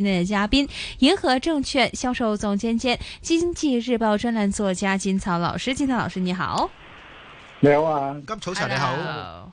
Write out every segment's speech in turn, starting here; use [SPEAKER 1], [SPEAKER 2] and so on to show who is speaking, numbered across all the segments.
[SPEAKER 1] 今天的嘉賓，銀河證券銷售總監兼《經濟日報》專欄作家金曹老師，金曹老師你好。
[SPEAKER 2] 你好啊，金曹陳你好。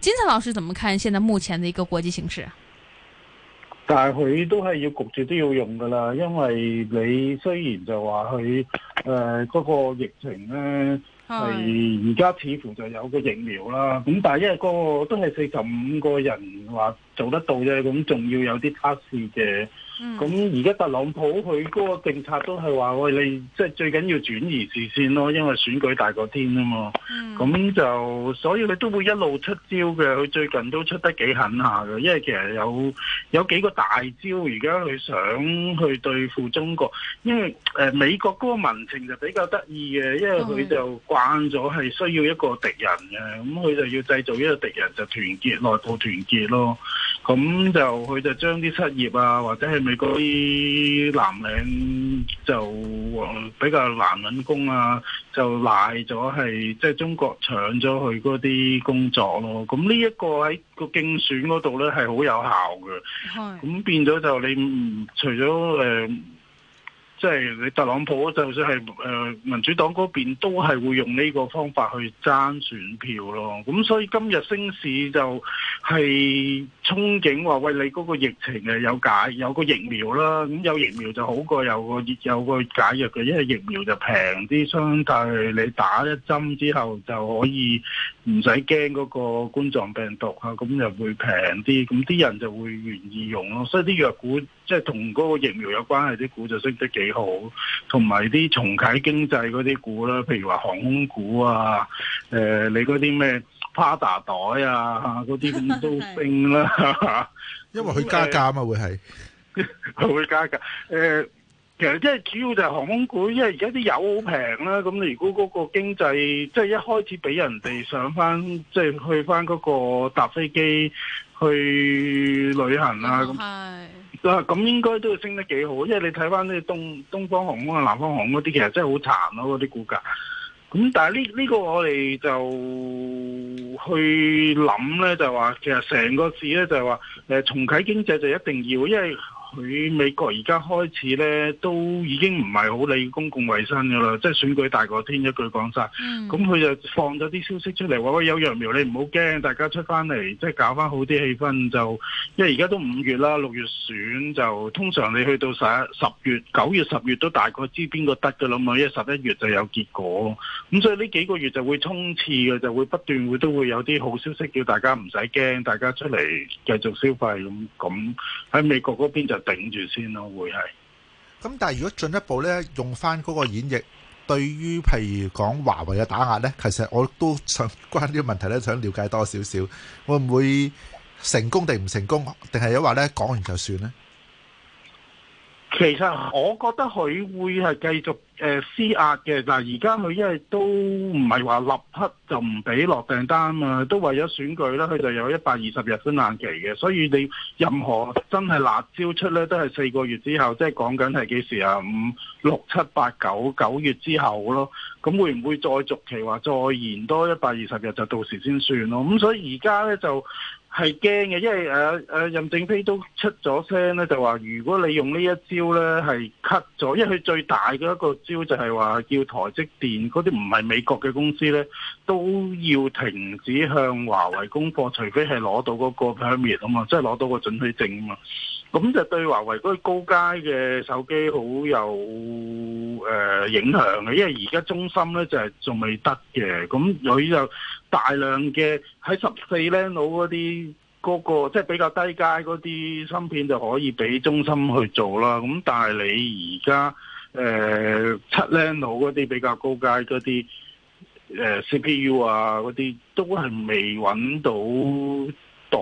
[SPEAKER 1] 金曹老師怎麼看現在目前的一個國際形勢？
[SPEAKER 2] 但係佢都係要焗住都要用噶啦，因為你雖然就話佢誒嗰個疫情咧係而家似乎就有個疫苗啦，咁但係因為嗰個都係四十五個人話。做得到啫，咁仲要有啲測試嘅。咁而家特朗普佢嗰個政策都係話：喂，你即係最緊要轉移視線咯，因為選舉大過天啊嘛。咁、嗯、就所以佢都會一路出招嘅。佢最近都出得幾狠下嘅，因為其實有有幾個大招而家佢想去對付中國，因為誒美國嗰個民情就比較得意嘅，因為佢就慣咗係需要一個敵人嘅，咁佢就要製造一個敵人就團結內部團結咯。咁就佢就將啲失業啊，或者係美國啲藍領就比較難揾工啊，就賴咗係即係中國搶咗佢嗰啲工作咯。咁呢一個喺個競選嗰度咧係好有效嘅。咁變咗就你唔除咗誒。呃即係你特朗普就算係誒、呃、民主黨嗰邊，都係會用呢個方法去爭選票咯。咁所以今日升市就係憧憬話：喂，你嗰個疫情誒有解，有個疫苗啦。咁有疫苗就好過有個有個解藥嘅，因為疫苗就平啲，但係你打一針之後就可以。唔使驚嗰個冠狀病毒啊，咁就會平啲，咁啲人就會願意用咯。所以啲藥股即係同嗰個疫苗有關係啲股就升得幾好，同埋啲重啟經濟嗰啲股啦，譬如話航空股啊，誒、呃、你嗰啲咩 Prada 袋啊嗰啲咁都升啦， 因為佢加價啊嘛、嗯、會係是， 佢會加價誒。呃其實即係主要就係航空股，因為而家啲油好平啦，咁你如果嗰個經濟即係一開始俾人哋上翻，即係去翻嗰個搭飛機去旅行啦，咁嗱咁應該都會升得幾好，因為你睇翻咧東東方航空啊、南方航空嗰啲，其實真係好殘咯嗰啲股價。咁但係呢呢個我哋就去諗咧，就話其實成個市咧就係話誒重啟經濟就一定要，因為。佢美國而家開始咧，都已經唔係好理公共衞生噶啦，即係選舉大過天，一句講晒，咁佢、嗯、就放咗啲消息出嚟，話喂，有疫苗，你唔好驚，大家出翻嚟，即係搞翻好啲氣氛。就因為而家都五月啦，六月選就通常你去到十一、十月、九月、十月都大概知邊個得噶啦嘛，因為十一月就有結果。咁所以呢幾個月就會衝刺嘅，就會不斷會都會有啲好消息叫大家唔使驚，大家出嚟繼續消費咁。喺美國嗰邊就。
[SPEAKER 3] 頂住先咯，會係。咁但係如果進一步咧，用翻嗰個演繹，對於譬如講華為嘅打壓咧，其實我都想關呢個問題咧，想了解多少少，會唔會成功定唔成功，定係一話咧，講完就算咧？
[SPEAKER 2] 其實我覺得佢會係繼續誒施壓嘅，嗱而家佢因為都唔係話立刻就唔俾落訂單啊，都為咗選舉咧，佢就有一百二十日分限期嘅，所以你任何真係辣招出咧，都係四個月之後，即係講緊係幾時啊？五六七八九九月之後咯，咁會唔會再續期話再延多一百二十日就到時先算咯？咁、嗯、所以而家咧就。係驚嘅，因為誒誒、呃呃，任正非都出咗聲咧，就話如果你用呢一招咧，係 cut 咗，因為佢最大嘅一個招就係話叫台積電嗰啲唔係美國嘅公司咧，都要停止向華為供貨，除非係攞到嗰個 permit 啊嘛，即係攞到個准許證啊嘛。咁就對華為嗰啲高階嘅手機好有誒、呃、影響嘅，因為而家中芯咧就係仲未得嘅，咁佢就。大量嘅喺十四 nano 嗰啲嗰個即係比較低階嗰啲芯片就可以俾中芯去做啦。咁但係你而家誒七 nano 嗰啲比較高階嗰啲誒 CPU 啊嗰啲都係未揾到代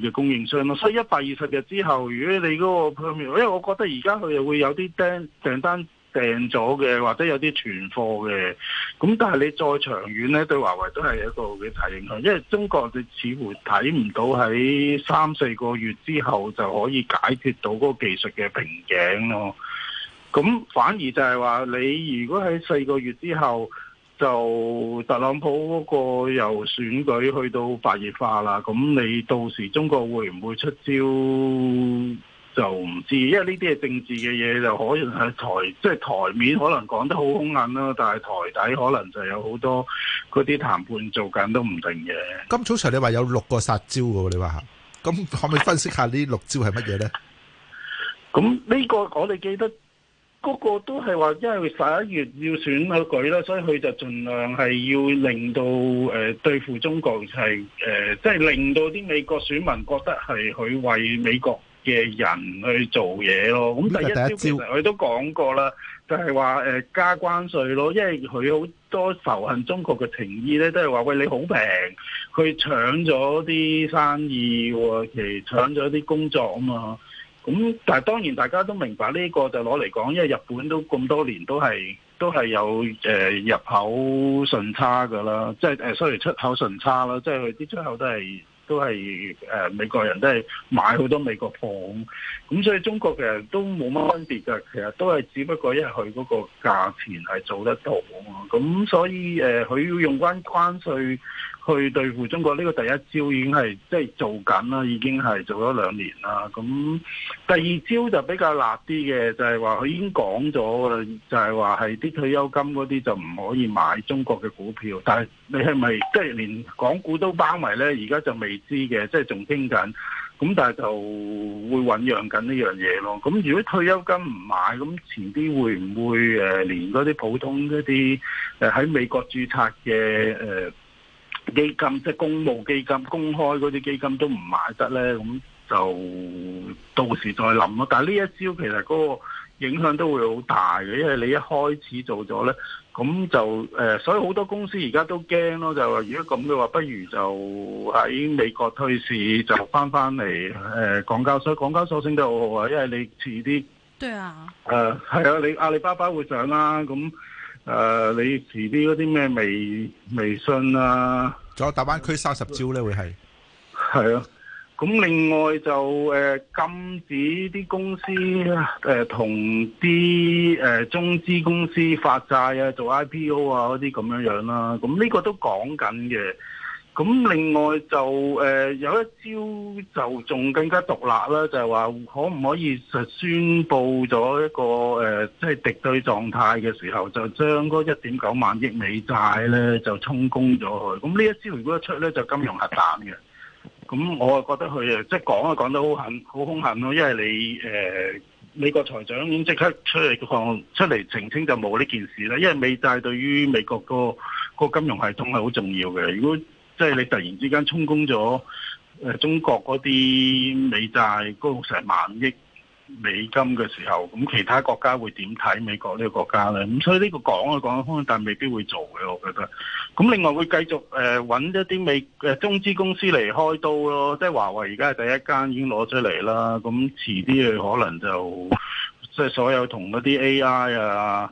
[SPEAKER 2] 替嘅供應商咯。所以一百二十日之後，如果你嗰個，因為我覺得而家佢又會有啲訂訂單。訂咗嘅，或者有啲存貨嘅，咁但係你再長遠呢，對華為都係一個嘅大影響，因為中國佢似乎睇唔到喺三四個月之後就可以解決到嗰個技術嘅瓶頸咯。咁反而就係話，你如果喺四個月之後，就特朗普嗰個由選舉去到白熱化啦，咁你到時中國會唔會出招？就唔知，因為呢啲係政治嘅嘢，就可以喺台，即、就、係、是、台面可能講得好凶狠啦，但係台底可能就有好多嗰啲談判做緊都唔定嘅。
[SPEAKER 3] 金曹 Sir 你話有六個殺招嘅，你話嚇，咁可唔可以分析下呢六招係乜嘢呢？
[SPEAKER 2] 咁呢 個我哋記得嗰、那個都係話，因為十一月要選舉啦，所以佢就盡量係要令到誒、呃、對付中國係誒，即係、呃就是、令到啲美國選民覺得係佢為美國。嘅人去做嘢咯，咁、嗯、第一招，第一招其實佢都講過啦，就係話誒加關稅咯，因為佢好多仇恨中國嘅情意咧，都係話喂，你好平，佢搶咗啲生意，其實搶咗啲工作啊嘛。咁、嗯、但係當然大家都明白呢、這個就攞、是、嚟講，因為日本都咁多年都係都係有誒、呃、入口順差噶啦，即係誒雖然出口順差啦，即係佢啲出口都係。都係誒、呃、美國人都係買好多美國貨，咁所以中國其實都冇乜分別㗎，其實都係只不過因為佢嗰個價錢係做得到，咁所以誒佢、呃、要用關關稅去對付中國呢、呢個第一招已經係即係做緊啦，已經係做咗兩年啦，咁第二招就比較辣啲嘅，就係話佢已經講咗㗎啦，就係話係啲退休金嗰啲就唔可以買中國嘅股票，但係。你係咪即係連港股都包埋呢，而家就未知嘅，即係仲傾緊。咁但係就會醞釀緊呢樣嘢咯。咁如果退休金唔買，咁前啲會唔會誒連嗰啲普通一啲誒喺美國註冊嘅誒、呃、基金，即係公募基金、公開嗰啲基金都唔買得呢？咁就到時再諗咯。但係呢一招其實嗰、嗰個。影響都會好大嘅，因為你一開始做咗呢，咁就誒、呃，所以好多公司而家都驚咯，就係話如果咁嘅話，不如就喺美國退市，就翻翻嚟誒港交所，港交所升得好好啊，因為你遲啲，對啊，誒係、呃、啊，你阿里巴巴會上啦，咁、嗯、誒、呃、你遲啲嗰啲咩微微信啊，仲有大灣區三十招呢？會係係啊。咁另外就誒禁止啲公司誒同啲誒中資公司發債啊、做 IPO 啊嗰啲咁樣樣、啊、啦。咁呢個都講緊嘅。咁另外就誒、呃、有一招就仲更加獨立啦、啊，就係、是、話可唔可以實宣布咗一個誒即係敵對狀態嘅時候，就將嗰一點九萬億美債咧就充公咗去。咁呢一招如果一出咧，就金融核彈嘅。咁、嗯、我啊覺得佢啊即係講啊講得好狠，好兇狠咯。因為你誒、呃、美國財長已經即刻出嚟放出嚟澄清就冇呢件事啦。因為美債對於美國個個金融系統係好重要嘅。如果即係、就是、你突然之間充公咗誒中國嗰啲美債，高成萬億，美金嘅時候，咁其他國家會點睇美國呢個國家呢？咁所以呢個講啊講啊，但未必會做嘅，我覺得。咁另外會繼續誒揾、呃、一啲美誒、啊、中資公司嚟開刀咯，即係華為而家係第一間已經攞出嚟啦。咁遲啲佢可能就即係所有同嗰啲 AI 啊、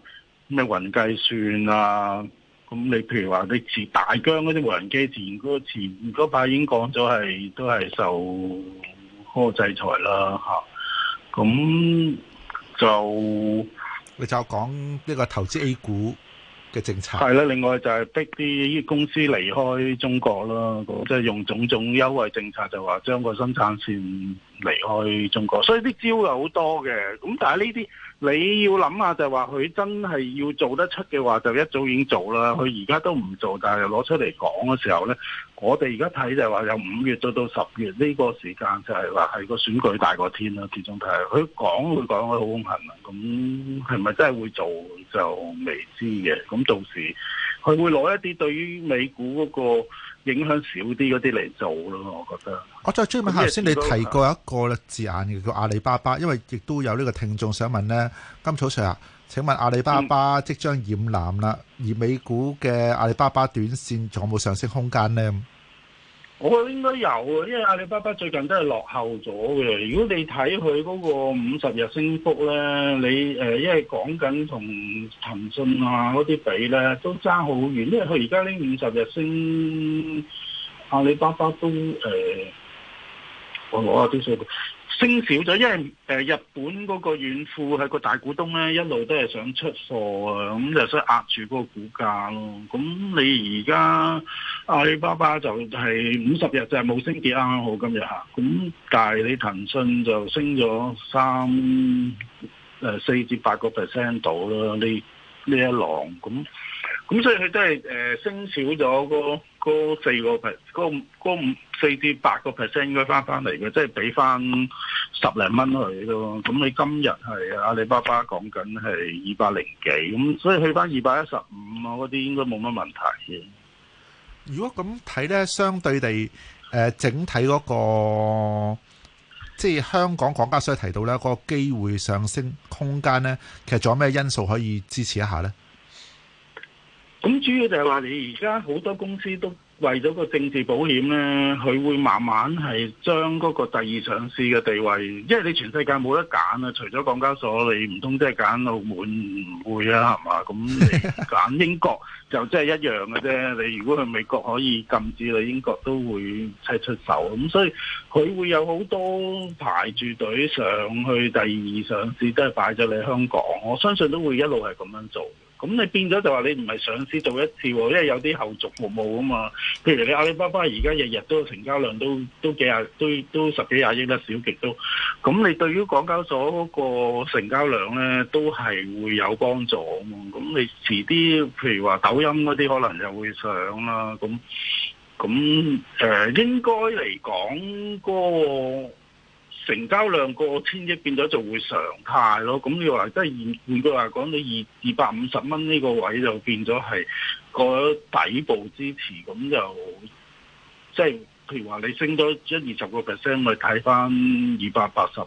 [SPEAKER 2] 咩雲計算啊，咁你譬如話你前大疆嗰啲無人機前嗰前嗰排已經講咗係都係受嗰個制裁啦嚇。啊咁、嗯、
[SPEAKER 3] 就你就講呢個投資 A 股嘅政策係啦，
[SPEAKER 2] 另外就係逼啲公司離開中國啦，即、就、係、是、用種種優惠政策就話將個生產線離開中國，所以啲招又好多嘅，咁但係呢啲。你要諗下就係話佢真係要做得出嘅話，就一早已經做啦，佢而家都唔做，但係攞出嚟講嘅時候呢，我哋而家睇就係話由五月到到十月呢個時間就係話係個選舉大個天大過天啦，其中睇，佢講佢講佢好凶狠啊，咁係咪真係會做就未知嘅，咁到時佢會攞一啲對於美股嗰、那個。影響少啲嗰啲嚟做咯，我覺得。我再追問下，， 頭先你提
[SPEAKER 3] 過一個字眼嘅叫阿里巴巴，因為亦都有呢個聽眾想問呢。金曹 Sir 啊，請問阿里巴巴即將染藍啦，而美股嘅阿里巴巴短線仲有冇上升空間呢？
[SPEAKER 2] 我覺得應該有，啊，因為阿里巴巴最近都係落後咗嘅。如果你睇佢嗰個五十日升幅咧，你誒、呃、因為講緊同騰訊啊、嗰啲比咧，都爭好遠。因為佢而家呢五十日升，阿里巴巴都誒、呃，我我啲數。升少咗，因為誒日本嗰個軟庫係個大股東咧，一路都係想出貨啊，咁就想壓住嗰個股價咯。咁你而家阿里巴巴就係五十日就係冇升跌，啱啱好今日嚇。咁但係你騰訊就升咗三誒四至八個 percent 度啦，呢呢一浪咁。咁、嗯、所以佢真係誒，升少咗嗰四個 per 五四至八個 percent 應該翻翻嚟嘅，即係俾翻十零蚊佢咯。咁、嗯、你今日係阿里巴巴講緊係二百零幾，咁、嗯、所以去翻二百一十五啊，嗰啲應該冇乜問題先。
[SPEAKER 3] 如果咁睇咧，相對地，誒、呃、整體嗰，那個即係、就是、香港交易所提到咧，嗰個機會上升空間咧，其實仲有咩因素可以支持一下咧？
[SPEAKER 2] 咁主要就係話，你而家好多公司都為咗個政治保險呢，佢會慢慢係將嗰個第二上市嘅地位，因為你全世界冇得揀啊，除咗港交所，你唔通即係揀澳門？唔會啊，係嘛？咁你揀英國就即係一樣嘅啫。你如果去美國可以禁止你，英國都會批出手。咁所以佢會有好多排住隊上去第二上市，都係擺咗你香港。我相信都會一路係咁樣做。咁你變咗就話你唔係上市做一次喎、啊，因為有啲後續服務啊嘛。譬如你阿里巴巴而家日日都成交量都都幾廿都都十幾廿億啦，少極都。咁你對於港交所嗰個成交量咧，都係會有幫助嘛。咁你遲啲譬如話抖音嗰啲可能就會上啦。咁咁誒應該嚟講、嗰個。成交量過千億變咗就會常態咯，咁你話即係換句話講，你二二百五十蚊呢個位就變咗係個底部支持，咁就即係、就是、譬如話你升多一二十個 percent，我睇翻二百八十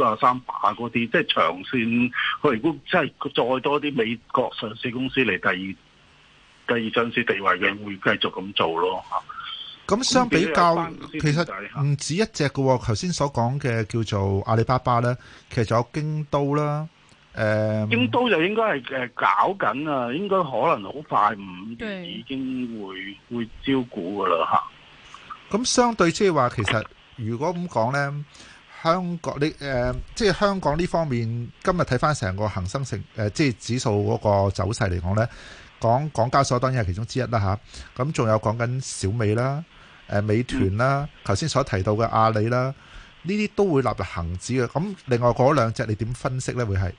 [SPEAKER 2] 啊三百嗰啲，即、就、係、是、長線佢如果真係再多啲美國上市公司嚟第二第二上市地位嘅，會繼續咁做咯。咁相比較，其實
[SPEAKER 3] 唔止一隻嘅喎。頭先所講嘅叫做阿里巴巴咧，其實仲有京東啦，誒。京
[SPEAKER 2] 東就應該係誒搞緊啊，應該可能好快五月已經會會招股嘅啦嚇。
[SPEAKER 3] 咁相對即係話，其實如果咁講咧，香港你誒，即係香港呢方面，今日睇翻成個恆生成誒，即係指數嗰個走勢嚟講咧，講港交所當然係其中之一啦嚇。咁仲有講緊小米啦。誒美團啦，頭先、嗯、所提到嘅阿里啦，呢啲都會納入恆指嘅。咁另外嗰兩隻你點分析呢？會係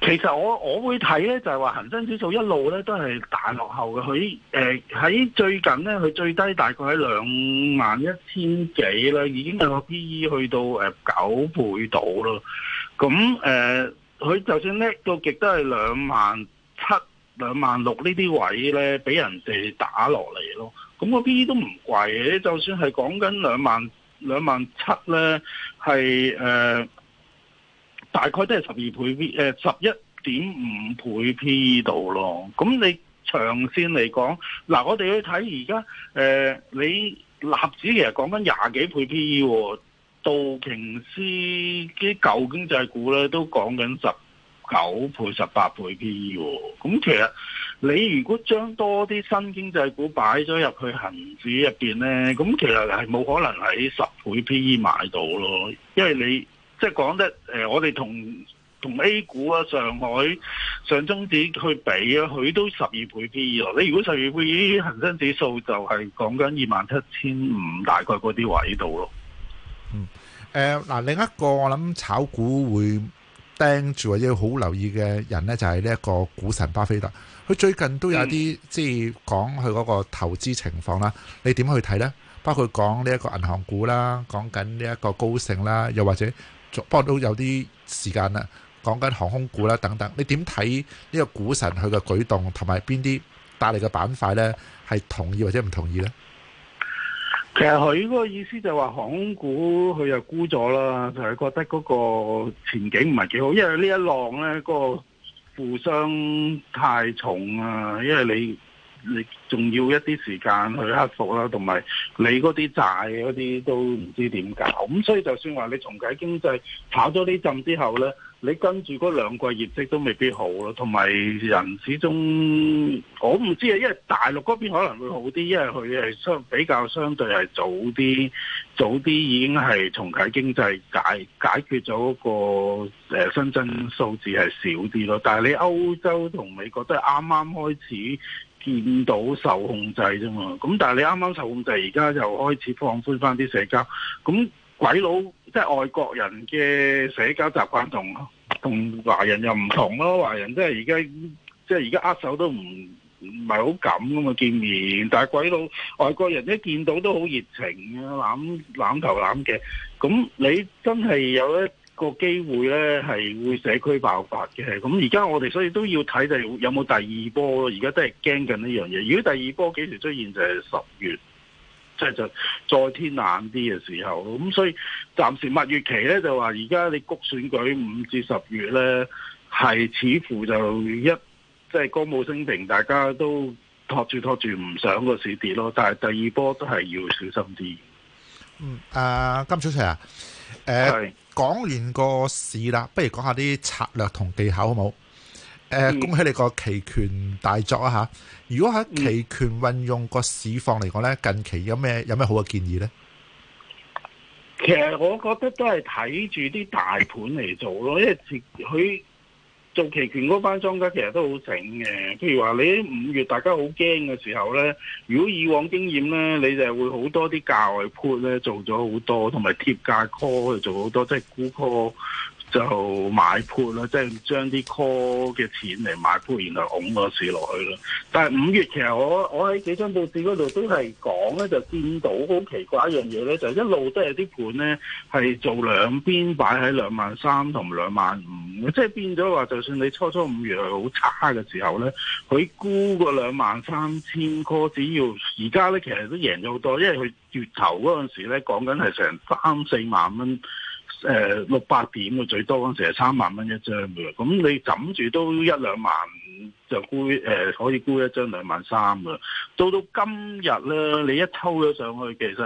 [SPEAKER 2] 其實我我會睇呢，就係話恒生指數一路呢都係大落後嘅。佢誒喺最近呢，佢最低大概喺兩萬一千幾啦，已經有個 P E 去到誒九倍到咯。咁誒佢就算叻到極都係兩萬七、兩萬六呢啲位呢，俾人哋打落嚟咯。咁個 P E 都唔貴嘅，就算係講緊兩萬兩萬七咧，係誒、呃、大概都係十二倍 P 誒十一點五倍 P E 度咯。咁你長線嚟講，嗱、呃、我哋去睇而家誒，你納指其實講緊廿幾倍 P E 喎、啊，道瓊斯啲舊經濟股咧都講緊十九倍、十八倍 P E 喎、啊。咁其實～你如果將多啲新經濟股擺咗入去恒指入邊呢，咁其實係冇可能喺十倍 P E 買到咯，因為你即係講得誒、呃，我哋同同 A 股啊、上海上中指去比啊，佢都十二倍 P E 咯。你如果十二倍恒生指數就係講緊二萬七千五大概嗰啲位度咯。
[SPEAKER 3] 嗯，嗱、呃呃，另一個我諗炒股會。盯住或者好留意嘅人咧，就係呢一個股神巴菲特。佢最近都有啲、嗯、即係講佢嗰個投資情況啦。你點去睇呢？包括講呢一個銀行股啦，講緊呢一個高盛啦，又或者，不過都有啲時間啦，講緊航空股啦等等。你點睇呢個股神佢嘅舉動同埋邊啲帶嚟嘅板塊呢？係同意或者唔同意呢？
[SPEAKER 2] 其實佢嗰個意思就係話，航空股佢又沽咗啦，就係、是、覺得嗰個前景唔係幾好，因為呢一浪咧、那個負傷太重啊，因為你。你仲要一啲時間去克服啦，同埋你嗰啲債嗰啲都唔知點搞，咁所以就算話你重啟經濟跑咗呢陣之後咧，你跟住嗰兩季業績都未必好咯，同埋人始終我唔知啊，因為大陸嗰邊可能會好啲，因為佢係相比較相對係早啲，早啲已經係重啟經濟解解決咗個誒新增數字係少啲咯，但係你歐洲同美國都係啱啱開始。見到受控制啫嘛，咁但係你啱啱受控制，而家又開始放寬翻啲社交，咁鬼佬即係外國人嘅社交習慣同同華人又唔同咯。華人即係而家即係而家握手都唔唔係好敢噶嘛，見面，但係鬼佬外國人一見到都好熱情嘅攬攬頭攬嘅，咁你真係有咧。個機會呢係會社區爆發嘅，咁而家我哋所以都要睇就有冇第二波。而家都係驚緊呢樣嘢。如果第二波幾時出現，就係十月，即係就再天冷啲嘅時候。咁所以暫時蜜月期呢，就話而家你谷選舉五至十月呢，係似乎就一即係歌舞升平，大家都托住托住唔想個市跌咯。但係第二波都係要小心啲。嗯，
[SPEAKER 3] 阿、呃、金小姐啊，誒、呃。講完個市啦，不如講下啲策略同技巧好冇？誒、呃，恭喜你個期權大作啊吓！如果喺期權運用個市況嚟講呢，近期有咩有咩好嘅建
[SPEAKER 2] 議呢？其實我覺得都係睇住啲大盤嚟做咯，因為佢。做期權嗰班莊家其實都好醒嘅，譬如話你五月大家好驚嘅時候咧，如果以往經驗咧，你就會好多啲價外 put 咧做咗好多，同埋貼價 call 又做好多，即係沽 call, call。就買盤啦，即係將啲 call 嘅錢嚟買盤，然後拱個市落去啦。但係五月其實我我喺幾張報紙嗰度都係講咧，就見到好奇怪一樣嘢咧，就一路都係啲盤咧係做兩邊擺喺兩萬三同兩萬五，即係變咗話，就算你初初五月係好差嘅時候咧，佢沽個兩萬三千 call，只要而家咧其實都贏咗好多，因為佢月頭嗰陣時咧講緊係成三四萬蚊。誒、呃、六百點嘅最多嗰陣時係三萬蚊一張嘅，咁你揼住都一兩萬就沽誒、呃、可以沽一張兩萬三嘅。到到今日咧，你一抽咗上去，其實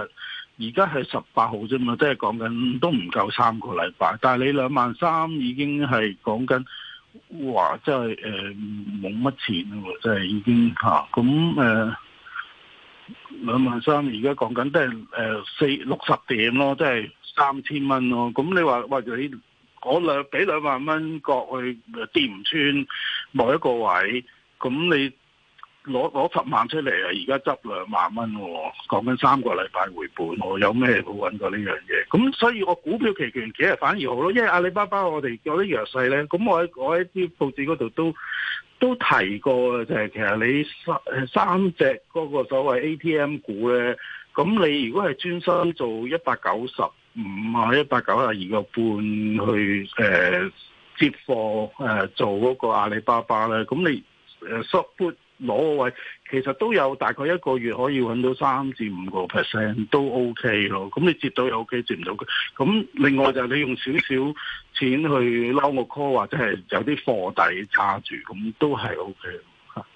[SPEAKER 2] 而家係十八號啫嘛，即係講緊都唔夠三個禮拜。但係你兩萬三已經係講緊話，即係誒冇乜錢咯，即係已經嚇。咁、啊、誒、呃、兩萬三而家講緊都係誒四六十點咯，即係。三千蚊咯，咁你話或者你兩俾兩萬蚊過去跌唔穿某一個位，咁你攞攞十萬出嚟，而家執兩萬蚊喎，講緊三個禮拜回本喎，有咩好揾過呢樣嘢？咁所以我股票期權其實反而好咯，因為阿里巴巴我哋有啲弱勢咧，咁我喺我喺啲報紙嗰度都都提過嘅，就係其實你三三隻嗰個所謂 ATM 股咧，咁你如果係專心做一百九十。唔係，一百九啊，二個半去誒接貨誒、uh, 做嗰個阿里巴巴咧，咁你誒 short put 攞個位，其實都有大概一個月可以揾到三至五個 percent 都 OK 咯。咁你接到又 OK，接唔到佢。咁另外就係你用少少錢去撈個 call，或者係有啲貨底揸住，咁都係 OK。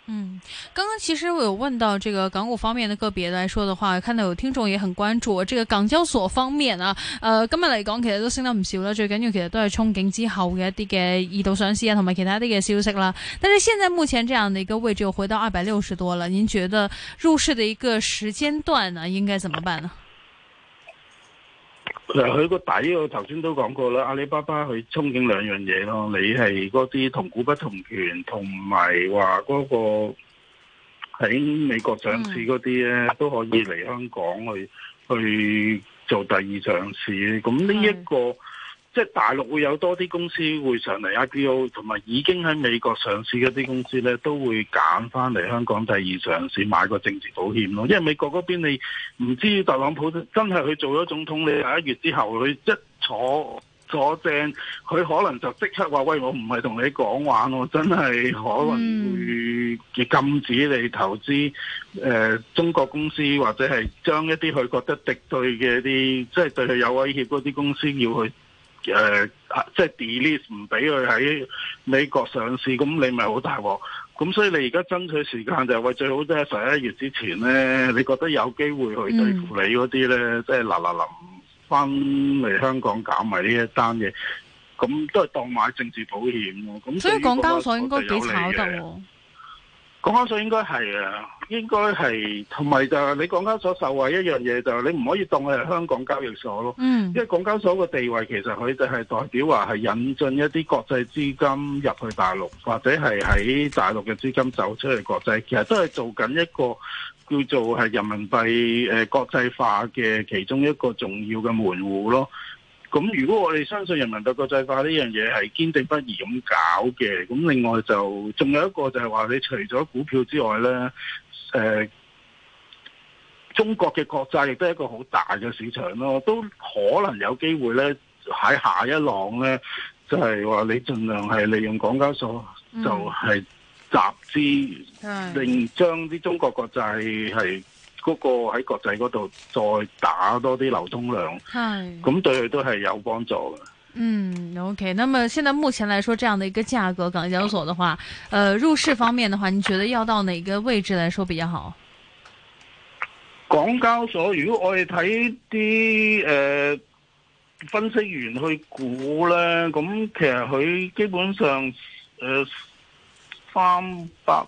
[SPEAKER 1] 嗯，剛剛其實我有問到這個港股方面的個別來說的話，看到有聽眾也很關注這個港交所方面啊，呃，今日嚟講其實都升得唔少啦，最緊要其實都係憧憬之後嘅一啲嘅二度上市啊，同埋其他啲嘅消息啦。但是現在目前這樣的一個位置又回到二百六十多了，您覺得入市的一個時間段呢，應該怎麼辦呢？
[SPEAKER 2] 其實佢個底，我頭先都講過啦。阿里巴巴佢憧憬兩樣嘢咯，你係嗰啲同股不同權，同埋話嗰個喺美國上市嗰啲咧都可以嚟香港去、嗯、去做第二上市。咁呢一個。嗯嗯即係大陸會有多啲公司會上嚟 IPO，同埋已經喺美國上市嘅啲公司咧，都會揀翻嚟香港第二上市買個政治保險咯。因為美國嗰邊你唔知特朗普真係去做咗總統，你一月之後佢一坐坐正，佢可能就即刻話：喂，我唔係同你講玩，我真係可能會禁止你投資誒中國公司，或者係將一啲佢覺得敵對嘅啲，即係對佢有威脅嗰啲公司要去。誒，即係、呃就是、delete 唔俾佢喺美國上市，咁你咪好大鑊。咁所以你而家爭取時間就係、是、為最好，都係十一月之前咧，你覺得有機會去對付你嗰啲咧，嗯、即係嗱嗱臨翻嚟香港搞埋呢一單嘢，咁都係當買政治保險咯。咁、那個、所以港交所應該幾炒得喎。港交所應該係啊，應該係同埋就係你港交所受惠一樣嘢，就係你唔可以當佢係香港交易所咯。嗯，因為港交所個地位其實佢就係代表話係引進一啲國際資金入去大陸，或者係喺大陸嘅資金走出去國際，其實都係做緊一個叫做係人民幣誒國際化嘅其中一個重要嘅門戶咯。咁如果我哋相信人民幣國際化呢樣嘢係堅定不移咁搞嘅，咁另外就仲有一個就係話，你除咗股票之外呢，誒、呃，中國嘅國債亦都係一個好大嘅市場咯，都可能有機會呢，喺下一浪呢，就係、是、話你盡量係利用港交所，就係集資，
[SPEAKER 1] 令、
[SPEAKER 2] 嗯、將啲中國國債係。嗰個喺國際嗰度再打多啲流通量，咁 Hi. 對佢都係有幫助嘅。
[SPEAKER 1] 嗯，OK。咁啊，現在目前來說，這樣嘅一個價格，港交所嘅話，誒、呃、入市方面嘅話，你覺得要到哪個位置來說比較好？
[SPEAKER 2] 港交所，如果我哋睇啲誒分析員去估呢，咁其實佢基本上誒三百，呃 300,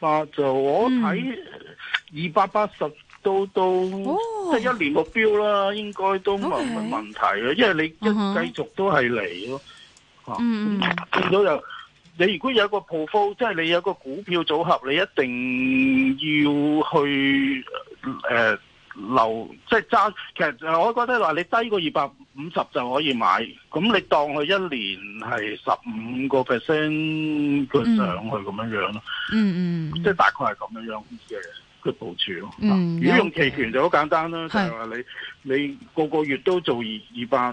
[SPEAKER 2] 八就我睇二百八十都到，嗯、即係一年目標啦，應該都冇問題嘅，Okay. 因為你一繼續都係嚟咯，吓、嗯嗯，見到有。嗯、你如果有一個 portfolio 即係你有一個股票組合，你一定要去誒。呃留即係揸，其實我覺得話你低過二百五十就可以買，咁你當佢一年係十五個 percent 佢上去咁樣樣咯。嗯嗯，即係大概係咁樣樣嘅嘅部署咯。嗯、如果用期權就好簡單啦，嗯、就係你是你個個月都做二百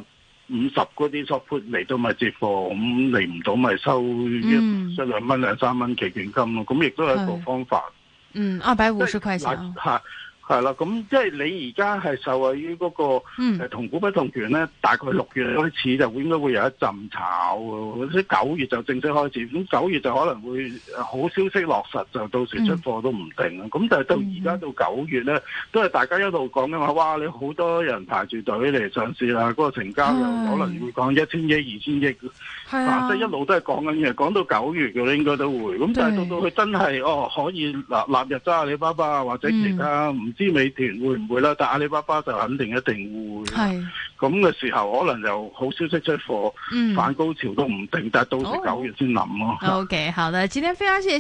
[SPEAKER 2] 五十嗰啲 support 嚟到咪接貨，咁嚟唔到咪收一兩蚊兩三蚊期權金咯。咁亦都係一個方法。嗯，
[SPEAKER 1] 二、啊、百五十塊錢。
[SPEAKER 2] 係啦，咁即係你而家係受惠於嗰個同股不同權咧，大概六月開始就應該會有一陣炒，或者九月就正式開始。咁九月就可能會好消息落實，就到時出貨都唔定啦。咁但係到而家到九月咧，都係大家一路講嘅話，哇！你好多人排住隊嚟上市啦，嗰個成交又可能會講一千億、二千億，係啊，即係一路都係講緊嘢，講到九月嘅咧應該都會。咁但係到
[SPEAKER 1] 到佢真係
[SPEAKER 2] 哦，可以納納入咗阿里巴巴或者其他的知美團會唔會啦？但阿里巴巴就肯定一定會。係咁嘅時候，可能就好消息出
[SPEAKER 1] 貨，嗯，反高潮都唔定。但係到時九月先諗咯。哦、o、okay, K，好啦，今天非常謝謝。